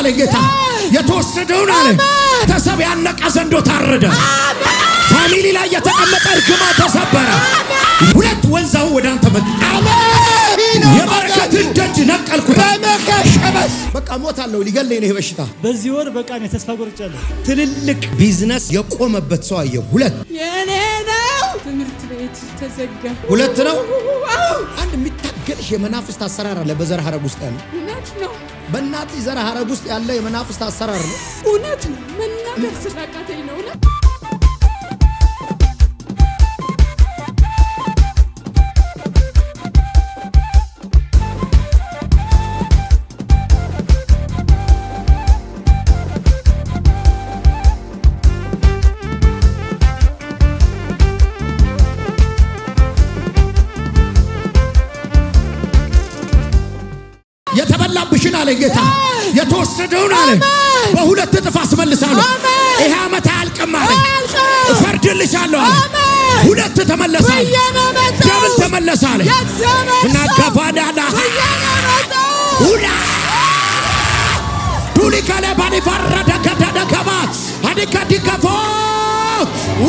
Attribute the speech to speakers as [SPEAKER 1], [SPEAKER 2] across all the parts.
[SPEAKER 1] አለ ጌታ። የተወሰደውን አለ ተሰብ ያነቃ ዘንዶ ታረደ። ፋሚሊ ላይ የተቀመጠ እርግማ ተሰበረ። ሁለት ወንዛው ወደ አንተ መጣ። የበረከትን ደጅ ነቀልኩት። በቃ ሞት አለው ሊገለኝ ነው ይሄ በሽታ።
[SPEAKER 2] በዚህ ወር በቃ ነው ተስፋ ቆርጫለሁ።
[SPEAKER 1] ትልልቅ ቢዝነስ የቆመበት ሰው አየሁ። ሁለት የኔ ነው ትምህርት ቤት ተዘጋ። ሁለት ነው አንድ የሚታገልሽ የመናፍስት አሰራር አለ በዘር ሐረግ ውስጥ ያለ ነው በእናት ዘር ሀረግ ውስጥ ያለ የመናፍስት አሰራር ነው። እውነት ነው መናገር ስላቃተኝ ነው። አለ ጌታ። የተወሰደውን አለ በሁለት እጥፍ አስመልሳለሁ። ይሄ ዓመት አያልቅም አለ እፈርድልሻለሁ አለ። ሁለት ተመለሰ፣ ደብል ተመለሰ አለ እና ከባዳና ሁላ ዱሊካለ ባዲፈረደ ከደደከባ አዲከዲከፎ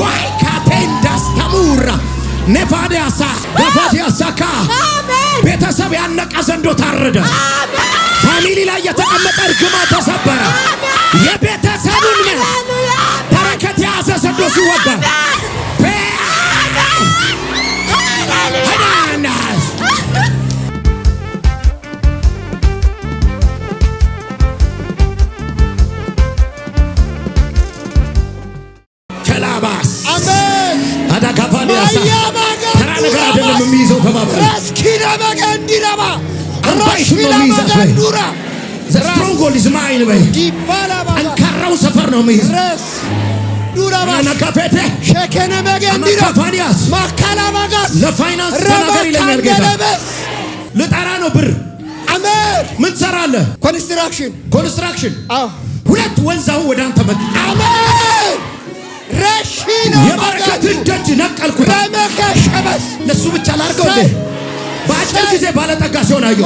[SPEAKER 1] ዋይ ካቴንዳስተሙራ ኔፋዲያሳ ገፋዲያሳካ ቤተሰብ ያነቀ ዘንዶ ታረደ። ፋሚሊ ላይ የተቀመጠ እርግማ ተሰበረ። ስትሮንግሆልድ ኢዝ ማይን በይ። ሰፈር ነው ልጠራ ነው ብር ምን ትሰራለህ?
[SPEAKER 3] ኮንስትራክሽን
[SPEAKER 1] ኮንስትራክሽን ah. ሁለት ወንዝ አሁን ወደ አንተ መጣ። የበረከትን ደጅ ነቀልኩት። ለእሱ ብቻ ላድርገው በአጭር ጊዜ ባለጠጋ ሲሆን አየሁ።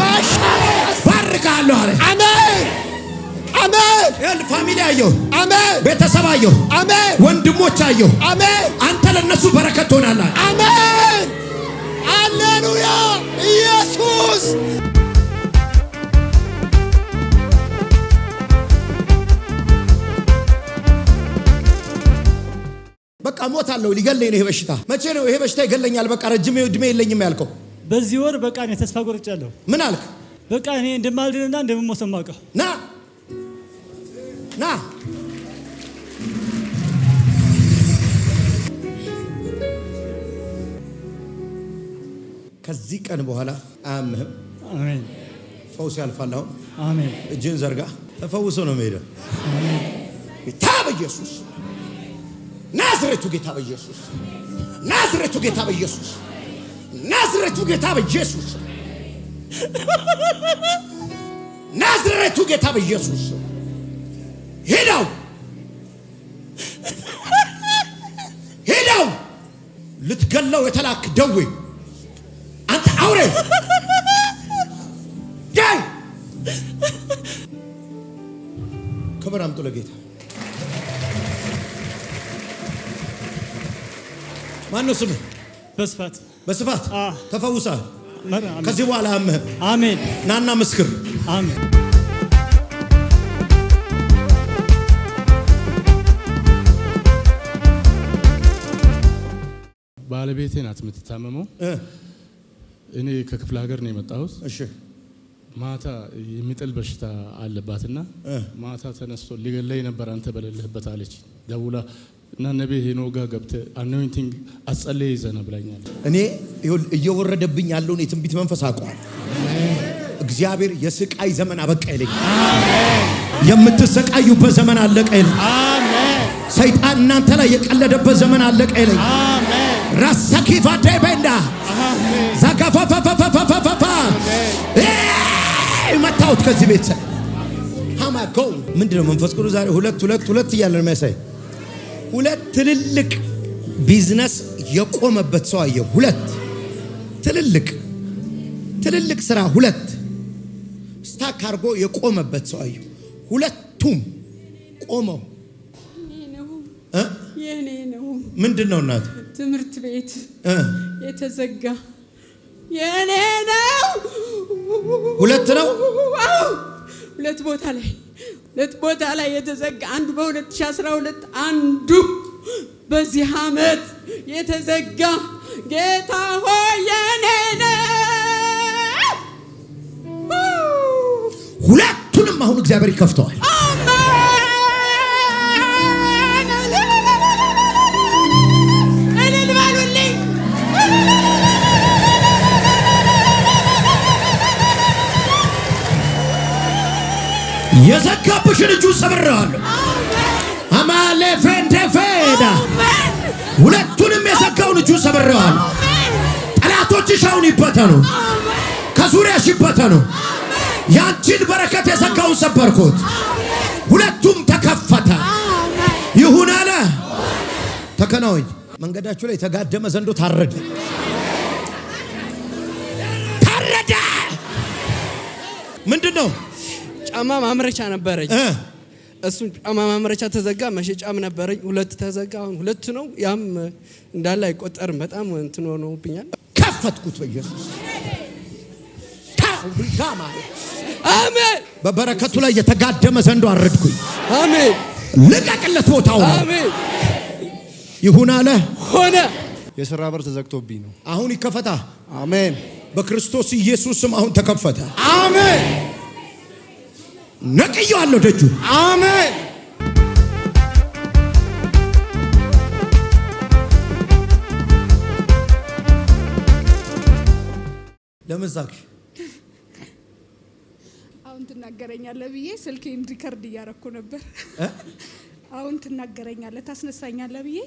[SPEAKER 1] ባርካለሁ አለ። አሜን። ፋሚሊ አየሁ። አሜን። ቤተሰብ አየሁ። አሜን። ወንድሞች አየሁ። አሜን። አንተ ለነሱ በረከት ትሆናለህ። አሜን። አሌሉያ ኢየሱስ በቃ ሞት አለው። ሊገለኝ ነው ይሄ በሽታ። መቼ ነው ይሄ በሽታ ይገለኛል? በቃ ረጅም ዕድሜ የለኝም ያልከው
[SPEAKER 2] በዚህ ወር በቃ እኔ ተስፋ ቆርጫለሁ። ምን አልክ? በቃ እኔ እንደማልድንና እንደምሞት የማውቀው
[SPEAKER 1] ና ና ከዚህ ቀን በኋላ አያምህም። አሜን። ፈውስ ያልፋል። አሁን አሜን። እጅን ዘርጋ ተፈውሶ ነው የሚሄደው። ጌታ በኢየሱስ ናዝሬቱ ጌታ በኢየሱስ ናዝሬቱ ጌታ በኢየሱስ ናዝሬቱ ጌታ በኢየሱስ ናዝሬቱ ጌታ በኢየሱስ ሄዳው ሄዳው ልትገለው የተላክ ደዌ አንተ አውሬ ዳይ ክብር አምጡ ለጌታ። ማነው ስምህ? በስፋት በስፋት ተፈውሳል። ከዚህ በኋላ አመህ አሜን። ናና ምስክር አሜን።
[SPEAKER 3] ባለቤቴ ናት የምትታመመው። እኔ ከክፍለ ሀገር ነው የመጣሁት። ማታ የሚጥል በሽታ አለባትና ማታ ተነስቶ ሊገለይ ነበር አንተ በሌለህበት አለች። ደውላ እና ነቢ ሄኖጋ ገብተህ አኖይንቲንግ አጸለይ ይዘህ ና
[SPEAKER 1] እኔ እየወረደብኝ ያለውን የትንቢት መንፈስ አውቀዋል። እግዚአብሔር የስቃይ ዘመን አበቃ ይለኝ። የምትሰቃዩበት ዘመን አለቀ ይለኝ። ሰይጣን እናንተ ላይ የቀለደበት ዘመን አለቀ ይለኝ። ራሰኪ ፋዴ ዛጋፋፋፋፋፋፋፋ መታወት ከዚህ ቤተሰብ ሀማ ጎ ምንድነው መንፈስ ቅዱስ ዛሬ ሁለት ሁለት ሁለት እያለ ነው ሁለት ትልልቅ ቢዝነስ የቆመበት ሰው አየሁ። ሁለት ትልልቅ ትልልቅ ስራ ሁለት ስታክ አድርጎ የቆመበት ሰው አየሁ። ሁለቱም ቆመው ምንድን ነው እናት
[SPEAKER 4] ትምህርት ቤት የተዘጋ የኔ
[SPEAKER 1] ነው። ሁለት ነው
[SPEAKER 4] ሁለት ቦታ ላይ ሁለት ቦታ ላይ የተዘጋ አንዱ በ2012 አንዱ በዚህ ዓመት የተዘጋ ጌታ ሆይ
[SPEAKER 1] ሁለቱንም አሁን እግዚአብሔር ይከፍተዋል። የዘጋብሽን እጁ ሰብሬዋለሁ። አማሌ ፌንቴ ሁለቱንም የዘጋውን እጁ ሰብሬዋለሁ። ጠላቶችሽ አሁን ይበተኑ፣ ከዙሪያሽ ይበተኑ። ያንቺን በረከት የዘጋውን ሰበርኩት። ሁለቱም ተከፈተ። ይሁን አለ ተከናወኝ። መንገዳችሁ ላይ የተጋደመ ዘንዶ ታረደ፣ ታረደ። ምንድን ነው?
[SPEAKER 2] ጫማ ማምረቻ ነበረኝ። እሱን ጫማ ማምረቻ ተዘጋ። መሸጫም ነበረኝ፣ ሁለት ተዘጋ። አሁን ሁለት ነው። ያም እንዳለ አይቆጠርም። በጣም እንትን ሆኖብኛል።
[SPEAKER 1] ከፈትኩት በኢየሱስ አሜን። በበረከቱ ላይ የተጋደመ ዘንዶ አረድኩኝ። አሜን። ልቀቅለት ቦታው ነው። ይሁን አለ ሆነ።
[SPEAKER 3] የስራ በር ተዘግቶብኝ ነው። አሁን ይከፈታ። አሜን።
[SPEAKER 1] በክርስቶስ ኢየሱስም አሁን ተከፈተ። አሜን። ነቅየዋለሁ ደጁ። አሜን። ለምን ሳክ?
[SPEAKER 4] አሁን ትናገረኛለህ ብዬ ስልኬን ሪከርድ እያረኩ ነበር። አሁን ትናገረኛለህ ታስነሳኛለህ ብዬ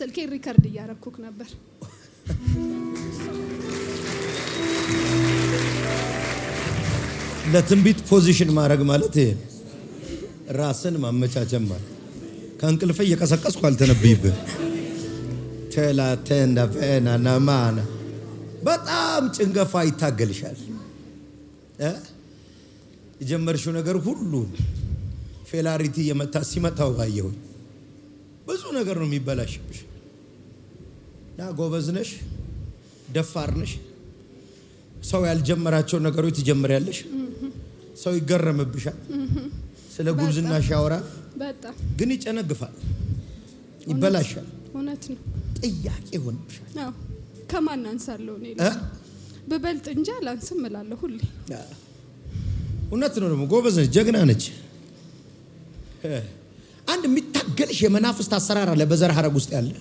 [SPEAKER 4] ስልኬን ሪከርድ እያረኩክ ነበር።
[SPEAKER 1] ለትንቢት ፖዚሽን ማድረግ ማለት ይሄ ራስን ማመቻቸም ማለት ከእንቅልፍ እየቀሰቀስኩ አልተነብይብህ ቴላቴናፌናናማና በጣም ጭንገፋ ይታገልሻል። የጀመርሽው ነገር ሁሉ ፌላሪቲ የመታ ሲመታው ባየሁኝ ብዙ ነገር ነው የሚበላሽብሽ። ና ጎበዝነሽ ደፋርነሽ ደፋር ሰው ያልጀመራቸው ነገሮች ትጀምሪያለሽ። ሰው ይገረምብሻል። ስለ ጉብዝና ሻወራ ግን ይጨነግፋል፣ ይበላሻል። እውነት ነው። ጥያቄ ይሆንብሻል።
[SPEAKER 4] ከማን አንሳለሁ እኔ ብበልጥ እንጂ አላንስም እላለሁ ሁሌ።
[SPEAKER 1] እውነት ነው። ደግሞ ጎበዝ ነች፣ ጀግና ነች። አንድ የሚታገልሽ የመናፍስት አሰራር አለ በዘር ሀረግ ውስጥ ያለ።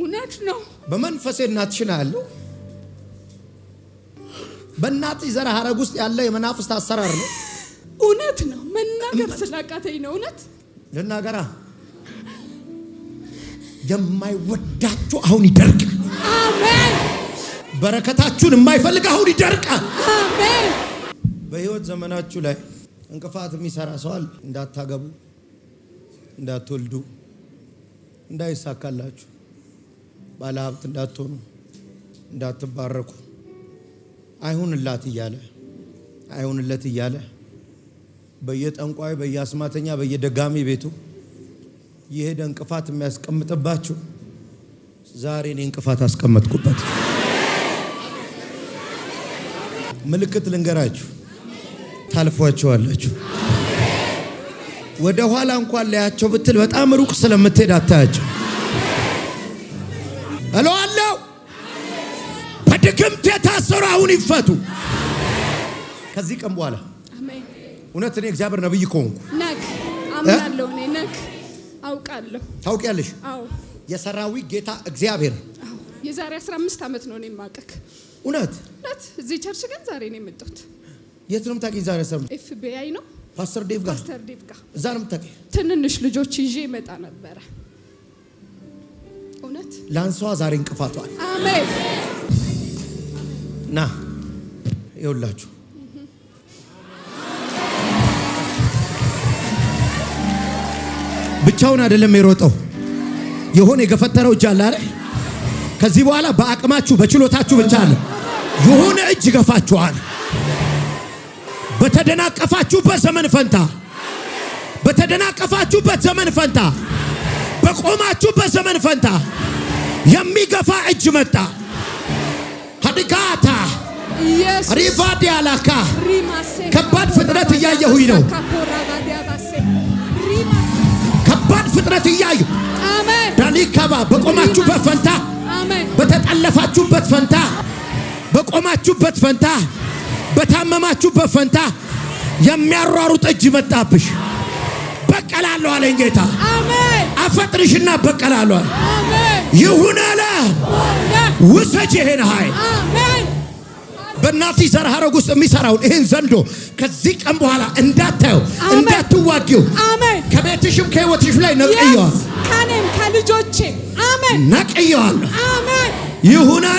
[SPEAKER 1] እውነት ነው። በመንፈሴ እናትሽን አያለሁ። በእናትሽ ዘር ሀረግ ውስጥ ያለ የመናፍስት አሰራር ነው።
[SPEAKER 4] እውነት ነው። መናገር ስላቃተኝ ነው። እውነት
[SPEAKER 1] ልናገራ የማይወዳችሁ አሁን ይደርቃል። አሜን። በረከታችሁን የማይፈልግ አሁን ይደርቃል። አሜን። በህይወት ዘመናችሁ ላይ እንቅፋት የሚሰራ ሰዋል። እንዳታገቡ፣ እንዳትወልዱ፣ እንዳይሳካላችሁ፣ ባለሀብት እንዳትሆኑ፣ እንዳትባረኩ አይሁንላት እያለ አይሁንለት እያለ በየጠንቋይ በየአስማተኛ በየደጋሚ ቤቱ የሄደ እንቅፋት የሚያስቀምጥባችሁ ዛሬ እኔ እንቅፋት አስቀመጥኩበት። ምልክት ልንገራችሁ፣ ታልፏቸዋላችሁ። ወደ ኋላ እንኳን ላያቸው ብትል በጣም ሩቅ ስለምትሄድ አታያቸው። እለዋለሁ በድግምት የታሰሩ አሁን ይፈቱ ከዚህ ቀን በኋላ እውነት እኔ እግዚአብሔር ነብይ ከሆንኩ
[SPEAKER 4] ነክ አምናለሁ። እኔ ነክ አውቃለሁ።
[SPEAKER 1] ታውቂያለሽ? አዎ። የሰራዊት ጌታ እግዚአብሔር
[SPEAKER 4] የዛሬ 15 ዓመት ነው እኔ ማቀክ። እውነት እውነት። እዚህ ቸርች ግን ዛሬ ነው የመጣሁት።
[SPEAKER 1] የት ነው የምታውቂኝ? ዛሬ ሰም
[SPEAKER 4] ኤፍቢአይ ነው
[SPEAKER 1] ፓስተር ዴቭ ጋር ፓስተር ዴቭ ጋር እዛ ነው የምታውቂኝ።
[SPEAKER 4] ትንንሽ ልጆች ይዤ መጣ ነበረ። እውነት
[SPEAKER 1] ላንሷ ዛሬ እንቅፋቷል። አሜን። ና ይኸውላችሁ ብቻውን አይደለም የሮጠው፣ የሆነ የገፈተረው እጅ አለ አይደል? ከዚህ በኋላ በአቅማችሁ በችሎታችሁ ብቻ አለ የሆነ እጅ ገፋችኋል። በተደናቀፋችሁበት ዘመን ፈንታ በተደናቀፋችሁበት ዘመን ፈንታ በቆማችሁበት ዘመን ፈንታ የሚገፋ እጅ መጣ። ሀድጋታ ሪቫዲያላካ ከባድ ፍጥነት እያየሁኝ ነው። ከባድ ፍጥረት እያዩ ዳኒካባ በቆማችሁበት ፈንታ በተጠለፋችሁበት ፈንታ በቆማችሁበት ፈንታ በታመማችሁበት ፈንታ የሚያሯሩጥ እጅ መጣብሽ። በቀላለሁ አለኝ ጌታ። አፈጥንሽና በቀላለሁ ይሁን አለ። ውሰጅ ይሄን ኃይል በእናትሽ ዘር ሐረግ ውስጥ የሚሰራውን ይህን ዘንዶ ከዚህ ቀን በኋላ እንዳታየው፣ እንዳትዋጊው ከቤትሽም ከህይወትሽ ላይ ነቅየዋል፣ ነቅየዋል። ይሁን አለ።